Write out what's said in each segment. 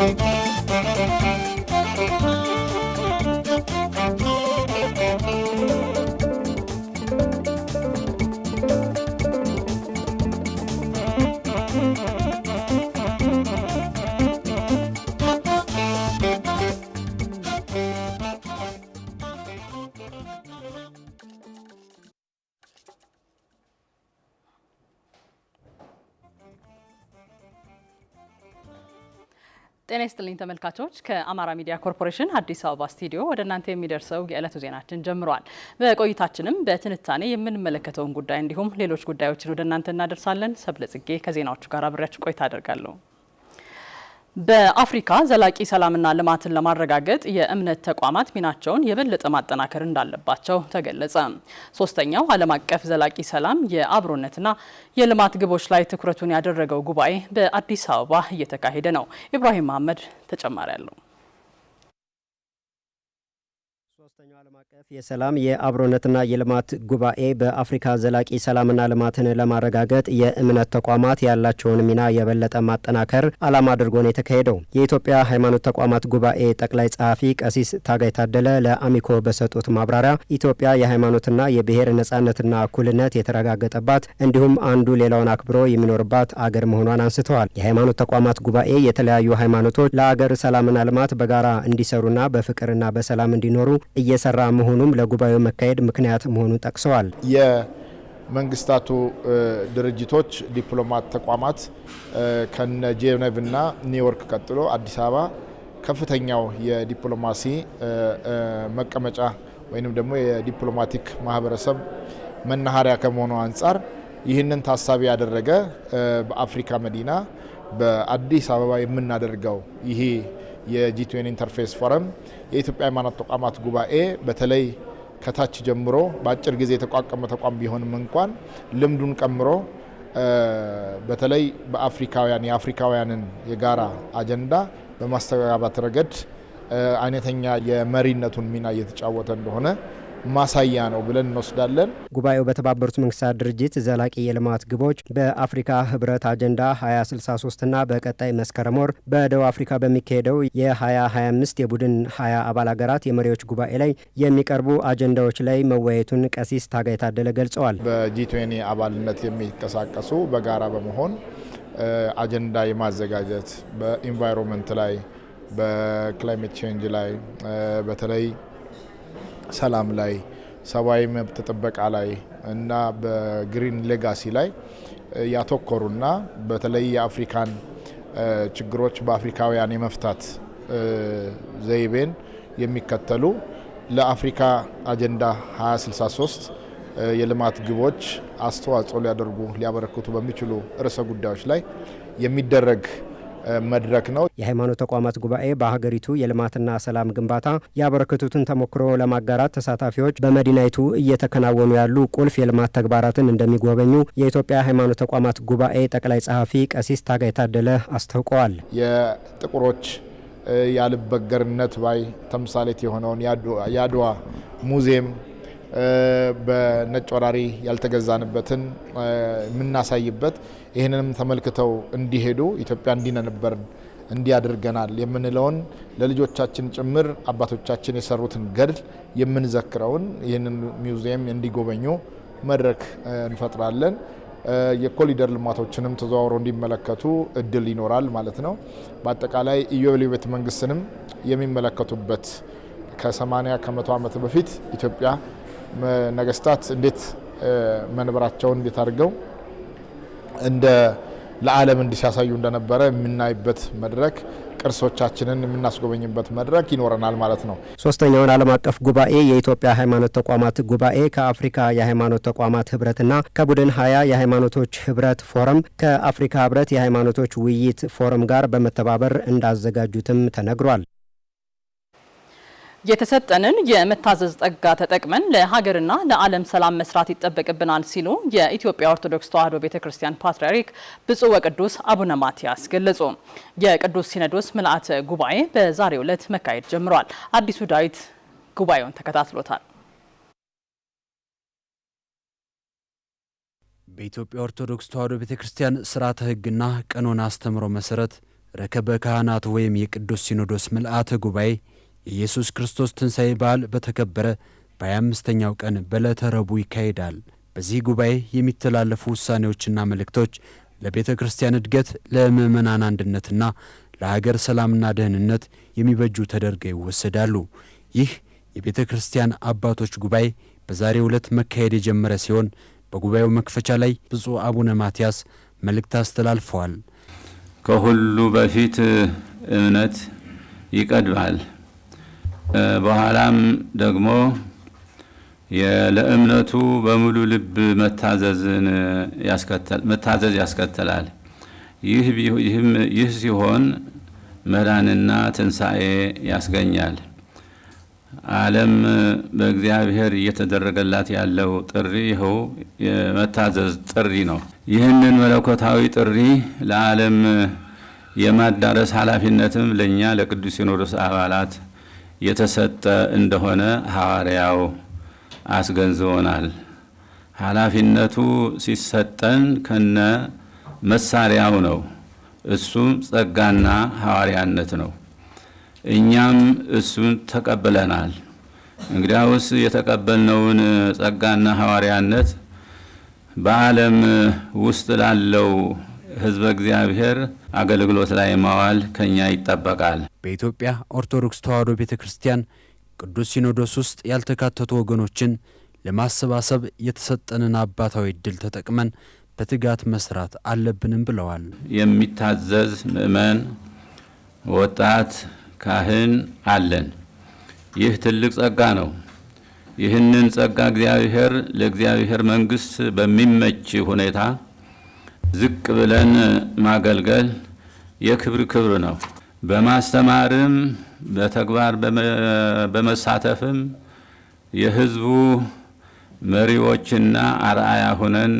Müzik ይስጥልኝ ተመልካቾች፣ ከአማራ ሚዲያ ኮርፖሬሽን አዲስ አበባ ስቱዲዮ ወደ እናንተ የሚደርሰው የዕለቱ ዜናችን ጀምሯል። በቆይታችንም በትንታኔ የምንመለከተውን ጉዳይ እንዲሁም ሌሎች ጉዳዮችን ወደ እናንተ እናደርሳለን። ሰብለ ጽጌ ከዜናዎቹ ጋር አብሬያችሁ ቆይታ አደርጋለሁ። በአፍሪካ ዘላቂ ሰላምና ልማትን ለማረጋገጥ የእምነት ተቋማት ሚናቸውን የበለጠ ማጠናከር እንዳለባቸው ተገለጸ። ሶስተኛው ዓለም አቀፍ ዘላቂ ሰላም የአብሮነትና የልማት ግቦች ላይ ትኩረቱን ያደረገው ጉባኤ በአዲስ አበባ እየተካሄደ ነው። ኢብራሂም መሀመድ ተጨማሪ አለው። አቀፍ የሰላም የአብሮነትና የልማት ጉባኤ በአፍሪካ ዘላቂ ሰላምና ልማትን ለማረጋገጥ የእምነት ተቋማት ያላቸውን ሚና የበለጠ ማጠናከር ዓላማ አድርጎ ነው የተካሄደው። የኢትዮጵያ ሃይማኖት ተቋማት ጉባኤ ጠቅላይ ጸሐፊ ቀሲስ ታጋይ ታደለ ለአሚኮ በሰጡት ማብራሪያ ኢትዮጵያ የሃይማኖትና የብሔር ነጻነትና እኩልነት የተረጋገጠባት እንዲሁም አንዱ ሌላውን አክብሮ የሚኖርባት አገር መሆኗን አንስተዋል። የሃይማኖት ተቋማት ጉባኤ የተለያዩ ሃይማኖቶች ለአገር ሰላምና ልማት በጋራ እንዲሰሩና በፍቅርና በሰላም እንዲኖሩ እየሰራ መሆኑም ለጉባኤው መካሄድ ምክንያት መሆኑን ጠቅሰዋል። የመንግስታቱ ድርጅቶች ዲፕሎማት ተቋማት ከነ ጄኔቭና ኒውዮርክ ቀጥሎ አዲስ አበባ ከፍተኛው የዲፕሎማሲ መቀመጫ ወይንም ደግሞ የዲፕሎማቲክ ማህበረሰብ መናኸሪያ ከመሆኑ አንጻር ይህንን ታሳቢ ያደረገ በአፍሪካ መዲና በአዲስ አበባ የምናደርገው ይሄ የጂ ኢንተርፌስ ፎረም፣ የኢትዮጵያ ሃይማኖት ተቋማት ጉባኤ በተለይ ከታች ጀምሮ በአጭር ጊዜ የተቋቋመ ተቋም ቢሆንም እንኳን ልምዱን ቀምሮ በተለይ በአፍሪካውያን የአፍሪካውያንን የጋራ አጀንዳ በማስተጋባት ረገድ አይነተኛ የመሪነቱን ሚና እየተጫወተ እንደሆነ ማሳያ ነው ብለን እንወስዳለን። ጉባኤው በተባበሩት መንግስታት ድርጅት ዘላቂ የልማት ግቦች በአፍሪካ ህብረት አጀንዳ 2063 እና በቀጣይ መስከረም ወር በደቡብ አፍሪካ በሚካሄደው የ2025 የቡድን 20 አባል ሀገራት የመሪዎች ጉባኤ ላይ የሚቀርቡ አጀንዳዎች ላይ መወያየቱን ቀሲስ ታጋይ ታደለ ገልጸዋል። በጂ20 አባልነት የሚንቀሳቀሱ በጋራ በመሆን አጀንዳ የማዘጋጀት በኢንቫይሮንመንት ላይ በክላይሜት ቼንጅ ላይ በተለይ ሰላም ላይ፣ ሰብአዊ መብት ጥበቃ ላይ እና በግሪን ሌጋሲ ላይ ያተኮሩና በተለይ የአፍሪካን ችግሮች በአፍሪካውያን የመፍታት ዘይቤን የሚከተሉ ለአፍሪካ አጀንዳ 2063 የልማት ግቦች አስተዋጽኦ ሊያደርጉ ሊያበረክቱ በሚችሉ ርዕሰ ጉዳዮች ላይ የሚደረግ መድረክ ነው። የሃይማኖት ተቋማት ጉባኤ በሀገሪቱ የልማትና ሰላም ግንባታ ያበረከቱትን ተሞክሮ ለማጋራት ተሳታፊዎች በመዲናይቱ እየተከናወኑ ያሉ ቁልፍ የልማት ተግባራትን እንደሚጎበኙ የኢትዮጵያ ሃይማኖት ተቋማት ጉባኤ ጠቅላይ ጸሐፊ ቀሲስ ታጋይ ታደለ አስታውቀዋል። የጥቁሮች ያልበገርነት ባይ ተምሳሌት የሆነውን የአድዋ ሙዚየም በነጭ ወራሪ ያልተገዛንበትን የምናሳይበት ይህንንም ተመልክተው እንዲሄዱ ኢትዮጵያ እንዲነንበር እንዲያደርገናል የምንለውን ለልጆቻችን ጭምር አባቶቻችን የሰሩትን ገድል የምንዘክረውን ይህንን ሚውዚየም እንዲጎበኙ መድረክ እንፈጥራለን። የኮሊደር ልማቶችንም ተዘዋውሮ እንዲመለከቱ እድል ይኖራል ማለት ነው። በአጠቃላይ ኢዮቤልዩ ቤተ መንግስትንም የሚመለከቱበት ከ80 ከ100 ዓመት በፊት ኢትዮጵያ ነገስታት እንዴት መንበራቸውን እንዴት አድርገው እንደ ለዓለም እንዲህ ሲያሳዩ እንደነበረ የምናይበት መድረክ ቅርሶቻችንን የምናስጎበኝበት መድረክ ይኖረናል ማለት ነው። ሶስተኛውን ዓለም አቀፍ ጉባኤ የኢትዮጵያ ሃይማኖት ተቋማት ጉባኤ ከአፍሪካ የሃይማኖት ተቋማት ህብረትና ከቡድን ሀያ የሃይማኖቶች ህብረት ፎረም ከአፍሪካ ህብረት የሃይማኖቶች ውይይት ፎረም ጋር በመተባበር እንዳዘጋጁትም ተነግሯል። የተሰጠንን የመታዘዝ ጸጋ ተጠቅመን ለሀገርና ለዓለም ሰላም መስራት ይጠበቅብናል ሲሉ የኢትዮጵያ ኦርቶዶክስ ተዋሕዶ ቤተ ክርስቲያን ፓትርያርክ ብፁዕ ወቅዱስ አቡነ ማትያስ ገለጹ። የቅዱስ ሲኖዶስ ምልአተ ጉባኤ በዛሬው ዕለት መካሄድ ጀምሯል። አዲሱ ዳዊት ጉባኤውን ተከታትሎታል። በኢትዮጵያ ኦርቶዶክስ ተዋሕዶ ቤተ ክርስቲያን ስርዓተ ሕግና ቀኖና አስተምሮ መሰረት ረከበ ካህናት ወይም የቅዱስ ሲኖዶስ ምልአተ ጉባኤ የኢየሱስ ክርስቶስ ትንሣኤ በዓል በተከበረ በ 25 ቀን በዕለተ ረቡዕ ይካሄዳል። በዚህ ጉባኤ የሚተላለፉ ውሳኔዎችና መልእክቶች ለቤተ ክርስቲያን እድገት፣ ለምዕመናን አንድነትና ለሀገር ሰላምና ደህንነት የሚበጁ ተደርገው ይወሰዳሉ። ይህ የቤተ ክርስቲያን አባቶች ጉባኤ በዛሬው ዕለት መካሄድ የጀመረ ሲሆን በጉባኤው መክፈቻ ላይ ብፁዕ አቡነ ማትያስ መልእክት አስተላልፈዋል። ከሁሉ በፊት እምነት ይቀድማል። በኋላም ደግሞ ለእምነቱ በሙሉ ልብ መታዘዝ ያስከትላል። ይህ ሲሆን መዳንና ትንሣኤ ያስገኛል። ዓለም በእግዚአብሔር እየተደረገላት ያለው ጥሪ ይኸው የመታዘዝ ጥሪ ነው። ይህንን መለኮታዊ ጥሪ ለዓለም የማዳረስ ኃላፊነትም ለእኛ ለቅዱስ ሲኖዶስ አባላት የተሰጠ እንደሆነ ሐዋርያው አስገንዝቦናል። ኃላፊነቱ ሲሰጠን ከነ መሳሪያው ነው። እሱም ጸጋና ሐዋርያነት ነው። እኛም እሱን ተቀብለናል። እንግዲያውስ የተቀበልነውን ጸጋና ሐዋርያነት በዓለም ውስጥ ላለው ህዝበ እግዚአብሔር አገልግሎት ላይ ማዋል ከኛ ይጠበቃል። በኢትዮጵያ ኦርቶዶክስ ተዋሕዶ ቤተ ክርስቲያን ቅዱስ ሲኖዶስ ውስጥ ያልተካተቱ ወገኖችን ለማሰባሰብ የተሰጠንን አባታዊ እድል ተጠቅመን በትጋት መስራት አለብንም ብለዋል። የሚታዘዝ ምእመን፣ ወጣት ካህን አለን። ይህ ትልቅ ጸጋ ነው። ይህንን ጸጋ እግዚአብሔር ለእግዚአብሔር መንግሥት በሚመች ሁኔታ ዝቅ ብለን ማገልገል የክብር ክብር ነው። በማስተማርም በተግባር በመሳተፍም የሕዝቡ መሪዎችና አርአያ ሆነን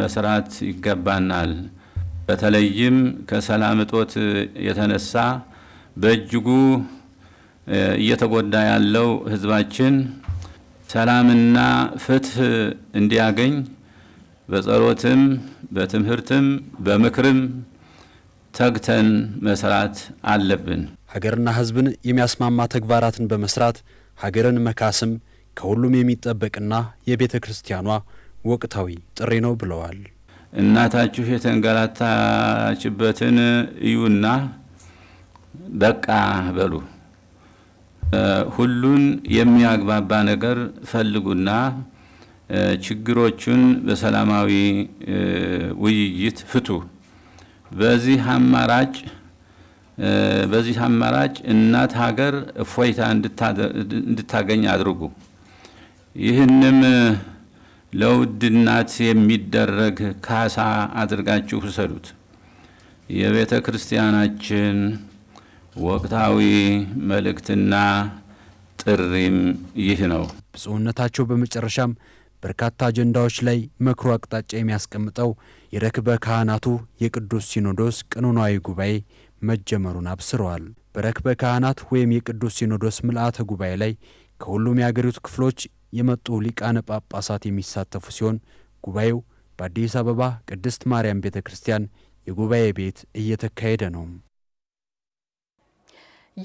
መስራት ይገባናል። በተለይም ከሰላም እጦት የተነሳ በእጅጉ እየተጎዳ ያለው ሕዝባችን ሰላምና ፍትህ እንዲያገኝ በጸሎትም በትምህርትም በምክርም ተግተን መስራት አለብን። ሀገርና ሕዝብን የሚያስማማ ተግባራትን በመስራት ሀገርን መካስም ከሁሉም የሚጠበቅና የቤተ ክርስቲያኗ ወቅታዊ ጥሪ ነው ብለዋል። እናታችሁ የተንገላታችበትን እዩና በቃ በሉ። ሁሉን የሚያግባባ ነገር ፈልጉና ችግሮቹን በሰላማዊ ውይይት ፍቱ። በዚህ አማራጭ በዚህ አማራጭ እናት ሀገር እፎይታ እንድታገኝ አድርጉ። ይህንም ለውድ እናት የሚደረግ ካሳ አድርጋችሁ ውሰዱት። የቤተ ክርስቲያናችን ወቅታዊ መልእክትና ጥሪም ይህ ነው። ብፁዕነታቸው በመጨረሻም በርካታ አጀንዳዎች ላይ መክሮ አቅጣጫ የሚያስቀምጠው የረክበ ካህናቱ የቅዱስ ሲኖዶስ ቀኖናዊ ጉባኤ መጀመሩን አብስረዋል። በረክበ ካህናት ወይም የቅዱስ ሲኖዶስ ምልአተ ጉባኤ ላይ ከሁሉም የአገሪቱ ክፍሎች የመጡ ሊቃነ ጳጳሳት የሚሳተፉ ሲሆን ጉባኤው በአዲስ አበባ ቅድስት ማርያም ቤተ ክርስቲያን የጉባኤ ቤት እየተካሄደ ነው።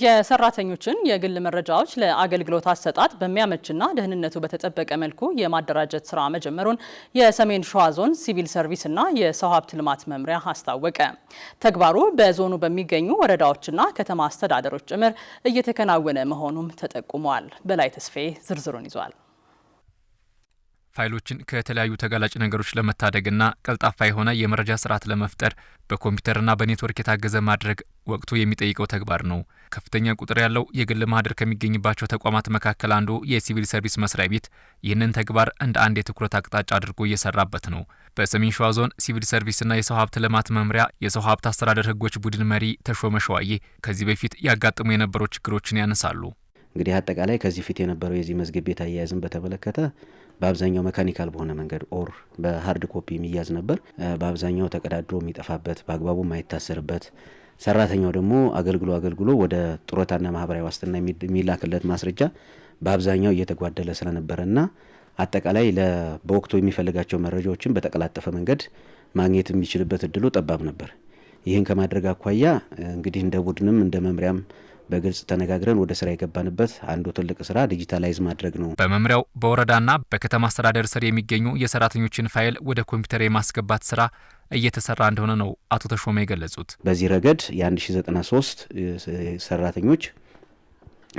የሰራተኞችን የግል መረጃዎች ለአገልግሎት አሰጣጥ በሚያመችና ደህንነቱ በተጠበቀ መልኩ የማደራጀት ስራ መጀመሩን የሰሜን ሸዋ ዞን ሲቪል ሰርቪስና የሰው ሀብት ልማት መምሪያ አስታወቀ። ተግባሩ በዞኑ በሚገኙ ወረዳዎችና ከተማ አስተዳደሮች ጭምር እየተከናወነ መሆኑም ተጠቁሟል። በላይ ተስፌ ዝርዝሩን ይዟል። ፋይሎችን ከተለያዩ ተጋላጭ ነገሮች ለመታደግና ቀልጣፋ የሆነ የመረጃ ስርዓት ለመፍጠር በኮምፒውተርና በኔትወርክ የታገዘ ማድረግ ወቅቱ የሚጠይቀው ተግባር ነው። ከፍተኛ ቁጥር ያለው የግል ማህደር ከሚገኝባቸው ተቋማት መካከል አንዱ የሲቪል ሰርቪስ መስሪያ ቤት ይህንን ተግባር እንደ አንድ የትኩረት አቅጣጫ አድርጎ እየሰራበት ነው። በሰሜን ሸዋ ዞን ሲቪል ሰርቪስና የሰው ሀብት ልማት መምሪያ የሰው ሀብት አስተዳደር ህጎች ቡድን መሪ ተሾመ ሸዋዬ ከዚህ በፊት ያጋጥሙ የነበሩ ችግሮችን ያነሳሉ። እንግዲህ አጠቃላይ ከዚህ ፊት የነበረው የዚህ መዝግብ ቤት አያያዝን በተመለከተ በአብዛኛው መካኒካል በሆነ መንገድ ኦር በሀርድ ኮፒ የሚያዝ ነበር። በአብዛኛው ተቀዳድሮ የሚጠፋበት በአግባቡ የማይታሰርበት ሰራተኛው ደግሞ አገልግሎ አገልግሎ ወደ ጡረታና ማህበራዊ ዋስትና የሚላክለት ማስረጃ በአብዛኛው እየተጓደለ ስለነበረና አጠቃላይ በወቅቱ የሚፈልጋቸው መረጃዎችን በተቀላጠፈ መንገድ ማግኘት የሚችልበት እድሉ ጠባብ ነበር። ይህን ከማድረግ አኳያ እንግዲህ እንደ ቡድንም እንደ መምሪያም በግልጽ ተነጋግረን ወደ ስራ የገባንበት አንዱ ትልቅ ስራ ዲጂታላይዝ ማድረግ ነው። በመምሪያው በወረዳና በከተማ አስተዳደር ስር የሚገኙ የሰራተኞችን ፋይል ወደ ኮምፒውተር የማስገባት ስራ እየተሰራ እንደሆነ ነው አቶ ተሾመ የገለጹት። በዚህ ረገድ የ1093 ሰራተኞች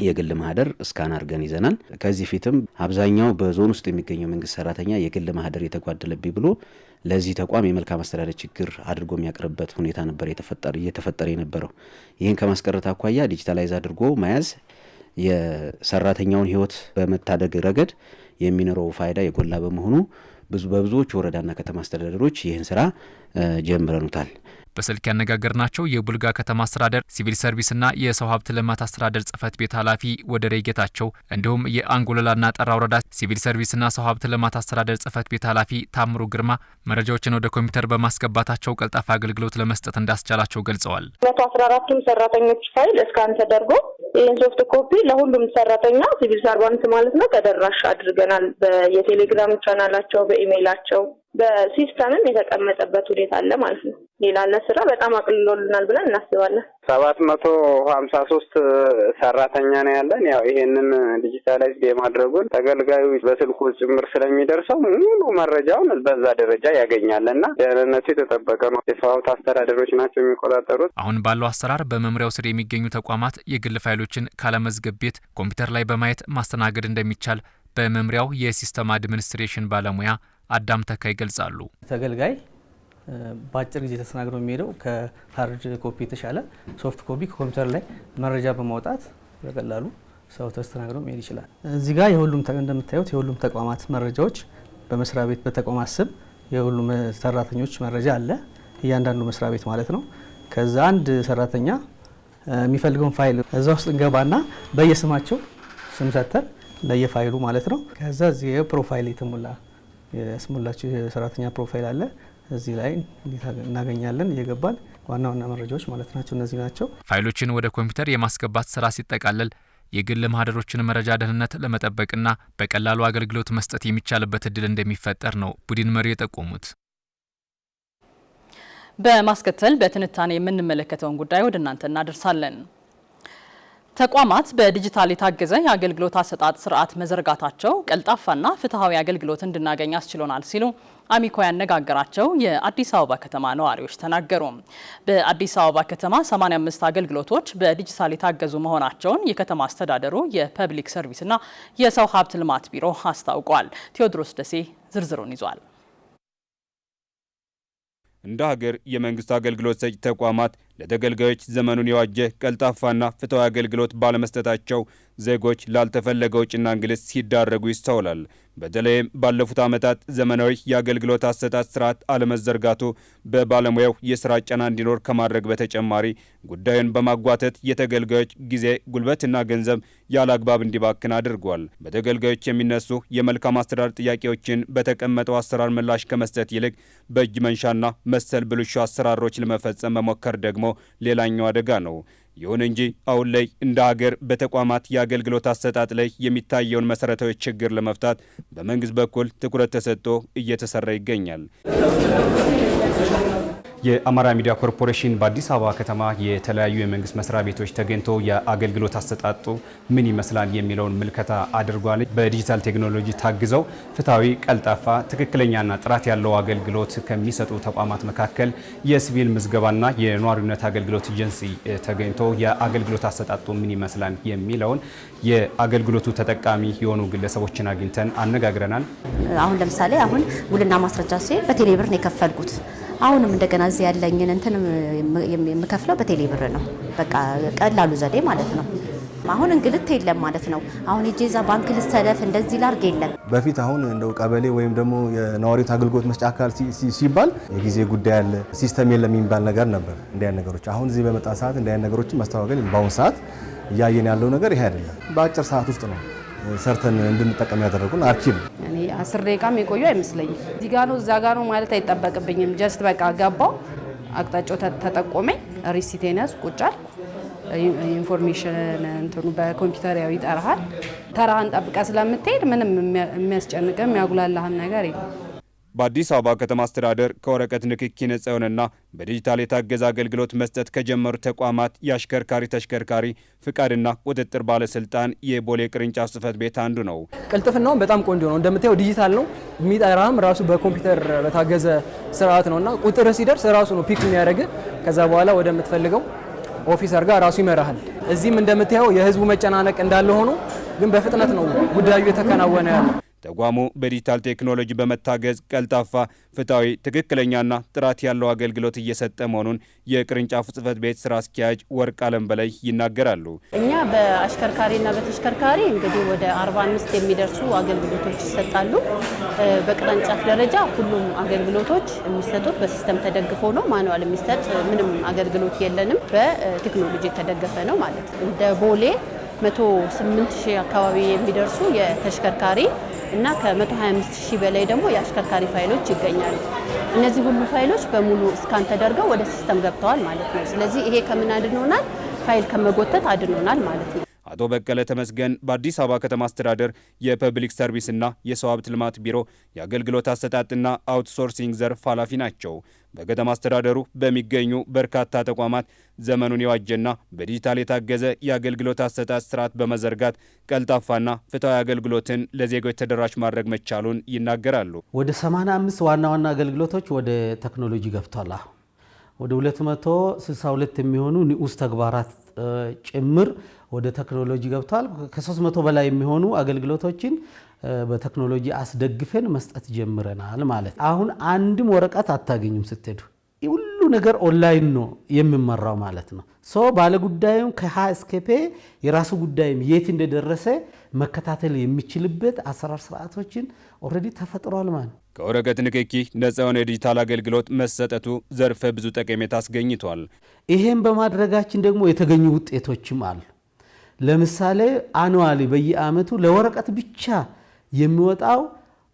የግል ማህደር እስካን አድርገን ይዘናል። ከዚህ ፊትም አብዛኛው በዞን ውስጥ የሚገኘው መንግስት ሰራተኛ የግል ማህደር የተጓደለብኝ ብሎ ለዚህ ተቋም የመልካም አስተዳደር ችግር አድርጎ የሚያቀርብበት ሁኔታ ነበር እየተፈጠረ የነበረው። ይህን ከማስቀረት አኳያ ዲጂታላይዝ አድርጎ መያዝ የሰራተኛውን ህይወት በመታደግ ረገድ የሚኖረው ፋይዳ የጎላ በመሆኑ በብዙዎች ወረዳና ከተማ አስተዳደሮች ይህን ስራ ጀምረኑታል። በስልክ ያነጋገርናቸው የቡልጋ ከተማ አስተዳደር ሲቪል ሰርቪስና የሰው ሀብት ልማት አስተዳደር ጽህፈት ቤት ኃላፊ ወደሬ ጌታቸው እንዲሁም የአንጎለላና ጠራ ወረዳ ሲቪል ሰርቪስና ሰው ሀብት ልማት አስተዳደር ጽህፈት ቤት ኃላፊ ታምሩ ግርማ መረጃዎችን ወደ ኮምፒውተር በማስገባታቸው ቀልጣፋ አገልግሎት ለመስጠት እንዳስቻላቸው ገልጸዋል። መቶ አስራ አራቱም ሰራተኞች ፋይል እስካን ተደርጎ ይህን ሶፍት ኮፒ ለሁሉም ሰራተኛ ሲቪል ሰርቫንት ማለት ነው ተደራሽ አድርገናል። የቴሌግራም ቻናላቸው፣ በኢሜይላቸው፣ በሲስተምም የተቀመጠበት ሁኔታ አለ ማለት ነው። ሌላ ለስራ በጣም አቅልሎልናል ብለን እናስባለን። ሰባት መቶ ሀምሳ ሶስት ሰራተኛ ነው ያለን። ያው ይሄንን ዲጂታላይዝ የማድረጉን ተገልጋዩ በስልኩ ጭምር ስለሚደርሰው ሙሉ መረጃውን በዛ ደረጃ ያገኛል እና ደህንነቱ የተጠበቀ ነው። የሰዋሁት አስተዳደሮች ናቸው የሚቆጣጠሩት። አሁን ባለው አሰራር በመምሪያው ስር የሚገኙ ተቋማት የግል ፋይሎችን ካለመዝገብ ቤት ኮምፒውተር ላይ በማየት ማስተናገድ እንደሚቻል በመምሪያው የሲስተም አድሚኒስትሬሽን ባለሙያ አዳም ተካ ይገልጻሉ። ተገልጋይ በአጭር ጊዜ ተስተናግዶ የሚሄደው ከሀርድ ኮፒ የተሻለ ሶፍት ኮፒ ከኮምፒውተር ላይ መረጃ በማውጣት በቀላሉ ሰው ተስተናግዶ መሄድ ይችላል። እዚህ ጋር የሁሉም እንደምታዩት የሁሉም ተቋማት መረጃዎች በመስሪያ ቤት በተቋማት ስም የሁሉም ሰራተኞች መረጃ አለ፣ እያንዳንዱ መስሪያ ቤት ማለት ነው። ከዛ አንድ ሰራተኛ የሚፈልገውን ፋይል እዛ ውስጥ እንገባና በየስማቸው ስም ሰተን ለየፋይሉ ማለት ነው። ከዛ እዚህ ፕሮፋይል የተሞላ ያስሞላቸው የሰራተኛ ፕሮፋይል አለ እዚህ ላይ እናገኛለን እየገባን ዋና ዋና መረጃዎች ማለት ናቸው። እነዚህ ናቸው። ፋይሎችን ወደ ኮምፒውተር የማስገባት ስራ ሲጠቃለል የግል ማህደሮችን መረጃ ደህንነት ለመጠበቅና በቀላሉ አገልግሎት መስጠት የሚቻልበት እድል እንደሚፈጠር ነው ቡድን መሪው የጠቆሙት። በማስከተል በትንታኔ የምንመለከተውን ጉዳይ ወደ እናንተ እናደርሳለን። ተቋማት በዲጂታል የታገዘ የአገልግሎት አሰጣጥ ስርዓት መዘርጋታቸው ቀልጣፋና ፍትሐዊ አገልግሎት እንድናገኝ አስችሎናል ሲሉ አሚኮ ያነጋገራቸው የአዲስ አበባ ከተማ ነዋሪዎች ተናገሩ። በአዲስ አበባ ከተማ 85 አገልግሎቶች በዲጂታል የታገዙ መሆናቸውን የከተማ አስተዳደሩ የፐብሊክ ሰርቪስና የሰው ሀብት ልማት ቢሮ አስታውቋል። ቴዎድሮስ ደሴ ዝርዝሩን ይዟል። እንደ ሀገር የመንግስት አገልግሎት ሰጪ ተቋማት ለተገልጋዮች ዘመኑን የዋጀ ቀልጣፋና ፍትሐዊ አገልግሎት ባለመስጠታቸው ዜጎች ላልተፈለገ ውጭና እንግልት ሲዳረጉ ይስተውላል። በተለይም ባለፉት ዓመታት ዘመናዊ የአገልግሎት አሰጣጥ ስርዓት አለመዘርጋቱ በባለሙያው የስራ ጫና እንዲኖር ከማድረግ በተጨማሪ ጉዳዩን በማጓተት የተገልጋዮች ጊዜ፣ ጉልበትና ገንዘብ ያለ አግባብ እንዲባክን አድርጓል። በተገልጋዮች የሚነሱ የመልካም አስተዳደር ጥያቄዎችን በተቀመጠው አሰራር ምላሽ ከመስጠት ይልቅ በእጅ መንሻና መሰል ብልሹ አሰራሮች ለመፈጸም መሞከር ደግሞ ሌላኛው አደጋ ነው። ይሁን እንጂ አሁን ላይ እንደ ሀገር በተቋማት የአገልግሎት አሰጣጥ ላይ የሚታየውን መሰረታዊ ችግር ለመፍታት በመንግስት በኩል ትኩረት ተሰጥቶ እየተሰራ ይገኛል። የአማራ ሚዲያ ኮርፖሬሽን በአዲስ አበባ ከተማ የተለያዩ የመንግስት መስሪያ ቤቶች ተገኝቶ የአገልግሎት አሰጣጡ ምን ይመስላል የሚለውን ምልከታ አድርጓል። በዲጂታል ቴክኖሎጂ ታግዘው ፍትሐዊ፣ ቀልጣፋ፣ ትክክለኛና ጥራት ያለው አገልግሎት ከሚሰጡ ተቋማት መካከል የሲቪል ምዝገባና የኗሪነት አገልግሎት ኤጀንሲ ተገኝቶ የአገልግሎት አሰጣጡ ምን ይመስላል የሚለውን የአገልግሎቱ ተጠቃሚ የሆኑ ግለሰቦችን አግኝተን አነጋግረናል። አሁን ለምሳሌ አሁን ውልና ማስረጃ በቴሌብር ነው የከፈልኩት አሁንም እንደገና እዚህ ያለኝን እንትን የምከፍለው በቴሌ ብር ነው። በቃ ቀላሉ ዘዴ ማለት ነው። አሁን እንግልት የለም ማለት ነው። አሁን የጄዛ ባንክ ልሰለፍ እንደዚህ ላርግ የለም። በፊት አሁን እንደው ቀበሌ ወይም ደግሞ የነዋሪዎች አገልግሎት መስጫ አካል ሲባል የጊዜ ጉዳይ አለ፣ ሲስተም የለም የሚባል ነገር ነበር። እንዲያን ነገሮች አሁን እዚህ በመጣ ሰዓት እንዲያን ነገሮችን መስተዋገል በአሁን ሰዓት እያየን ያለው ነገር ይሄ አይደለም። በአጭር ሰዓት ውስጥ ነው ሰርተን እንድንጠቀም ያደረጉን አርኪ ነው። እኔ አስር ደቂቃም የቆዩ አይመስለኝም። እዚህ ጋ ነው እዛ ጋ ነው ማለት አይጠበቅብኝም። ጀስት በቃ ገባው፣ አቅጣጫው ተጠቆመኝ፣ ሪሲቴን ያዝ፣ ቁጭ ኢንፎርሜሽን እንትኑ በኮምፒውተር ያው ይጠራሃል። ተራህን ጠብቀህ ስለምትሄድ ምንም የሚያስጨንቅም የሚያጉላላህም ነገር የለም። በአዲስ አበባ ከተማ አስተዳደር ከወረቀት ንክኪ ነጻ የሆነና በዲጂታል የታገዘ አገልግሎት መስጠት ከጀመሩ ተቋማት የአሽከርካሪ ተሽከርካሪ ፍቃድና ቁጥጥር ባለስልጣን የቦሌ ቅርንጫፍ ጽህፈት ቤት አንዱ ነው። ቅልጥፍናውም በጣም ቆንጆ ነው። እንደምታየው ዲጂታል ነው። የሚጠራም ራሱ በኮምፒውተር በታገዘ ስርዓት ነው እና ቁጥር ሲደርስ ራሱ ነው ፒክ የሚያደርግ። ከዛ በኋላ ወደምትፈልገው ኦፊሰር ጋር ራሱ ይመራሃል። እዚህም እንደምታየው የህዝቡ መጨናነቅ እንዳለ ሆኖ ግን በፍጥነት ነው ጉዳዩ የተከናወነ ያለው። ተቋሙ በዲጂታል ቴክኖሎጂ በመታገዝ ቀልጣፋ፣ ፍትሐዊ፣ ትክክለኛና ጥራት ያለው አገልግሎት እየሰጠ መሆኑን የቅርንጫፉ ጽህፈት ቤት ስራ አስኪያጅ ወርቅ አለም በላይ ይናገራሉ። እኛ በአሽከርካሪና በተሽከርካሪ እንግዲህ ወደ 45 የሚደርሱ አገልግሎቶች ይሰጣሉ። በቅርንጫፍ ደረጃ ሁሉም አገልግሎቶች የሚሰጡት በሲስተም ተደግፎ ነው። ማንዋል የሚሰጥ ምንም አገልግሎት የለንም። በቴክኖሎጂ የተደገፈ ነው ማለት ነው። እንደ ቦሌ 108 ሺህ አካባቢ የሚደርሱ የተሽከርካሪ እና ከ125 ሺህ በላይ ደግሞ የአሽከርካሪ ፋይሎች ይገኛሉ። እነዚህ ሁሉ ፋይሎች በሙሉ እስካን ተደርገው ወደ ሲስተም ገብተዋል ማለት ነው። ስለዚህ ይሄ ከምን አድኖናል? ፋይል ከመጎተት አድኖናል ማለት ነው። አቶ በቀለ ተመስገን በአዲስ አበባ ከተማ አስተዳደር የፐብሊክ ሰርቪስና የሰው ሀብት ልማት ቢሮ የአገልግሎት አሰጣጥና አውትሶርሲንግ ዘርፍ ኃላፊ ናቸው። በከተማ አስተዳደሩ በሚገኙ በርካታ ተቋማት ዘመኑን የዋጀና በዲጂታል የታገዘ የአገልግሎት አሰጣጥ ስርዓት በመዘርጋት ቀልጣፋና ፍትሐዊ አገልግሎትን ለዜጎች ተደራሽ ማድረግ መቻሉን ይናገራሉ። ወደ 85 ዋና ዋና አገልግሎቶች ወደ ቴክኖሎጂ ገብቷል። ወደ 262 የሚሆኑ ንዑስ ተግባራት ጭምር ወደ ቴክኖሎጂ ገብተዋል። ከ300 በላይ የሚሆኑ አገልግሎቶችን በቴክኖሎጂ አስደግፈን መስጠት ጀምረናል ማለት አሁን አንድም ወረቀት አታገኙም ስትሄዱ ሁሉ ነገር ኦንላይን ነው የሚመራው ማለት ነው። ሶ ባለ ጉዳዩም ከሀ እስከ ፔ የራሱ ጉዳይም የት እንደደረሰ መከታተል የሚችልበት አሰራር ስርዓቶችን ኦልሬዲ ተፈጥሯል ማለት ከወረቀት ንክኪ ነፃ የሆነ የዲጂታል አገልግሎት መሰጠቱ ዘርፈ ብዙ ጠቀሜታ አስገኝቷል። ይሄም በማድረጋችን ደግሞ የተገኙ ውጤቶችም አሉ። ለምሳሌ አኑዋሊ በየአመቱ ለወረቀት ብቻ የሚወጣው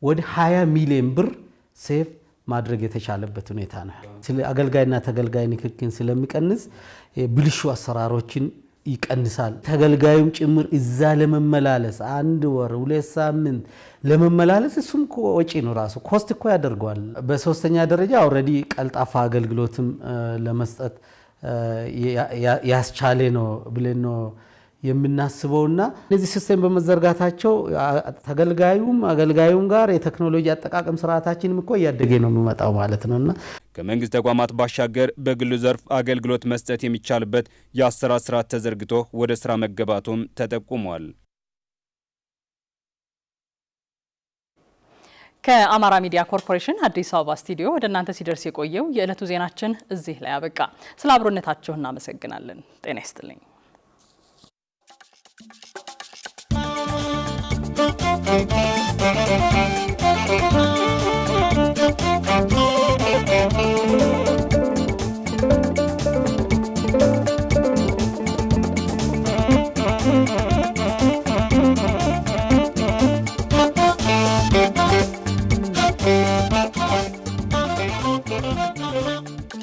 ወደ 20 ሚሊዮን ብር ሴፍ ማድረግ የተቻለበት ሁኔታ ነው። ስለ አገልጋይና ተገልጋይ ንክክን ስለሚቀንስ ብልሹ አሰራሮችን ይቀንሳል። ተገልጋዩም ጭምር እዛ ለመመላለስ አንድ ወር ሁለት ሳምንት ለመመላለስ እሱም ወጪ ነው ራሱ ኮስት እኮ ያደርገዋል። በሶስተኛ ደረጃ ኦልሬዲ ቀልጣፋ አገልግሎትም ለመስጠት ያስቻለ ነው ብለን ነው የምናስበውና እነዚህ ሲስተም በመዘርጋታቸው ተገልጋዩም አገልጋዩም ጋር የቴክኖሎጂ አጠቃቀም ስርዓታችንም እኮ እያደገ ነው የሚመጣው ማለት ነውና ከመንግስት ተቋማት ባሻገር በግሉ ዘርፍ አገልግሎት መስጠት የሚቻልበት የአሰራር ስርዓት ተዘርግቶ ወደ ስራ መገባቱም ተጠቁሟል። ከአማራ ሚዲያ ኮርፖሬሽን አዲስ አበባ ስቱዲዮ ወደ እናንተ ሲደርስ የቆየው የዕለቱ ዜናችን እዚህ ላይ አበቃ። ስለ አብሮነታችሁ እናመሰግናለን። ጤና ይስጥልኝ። Bye.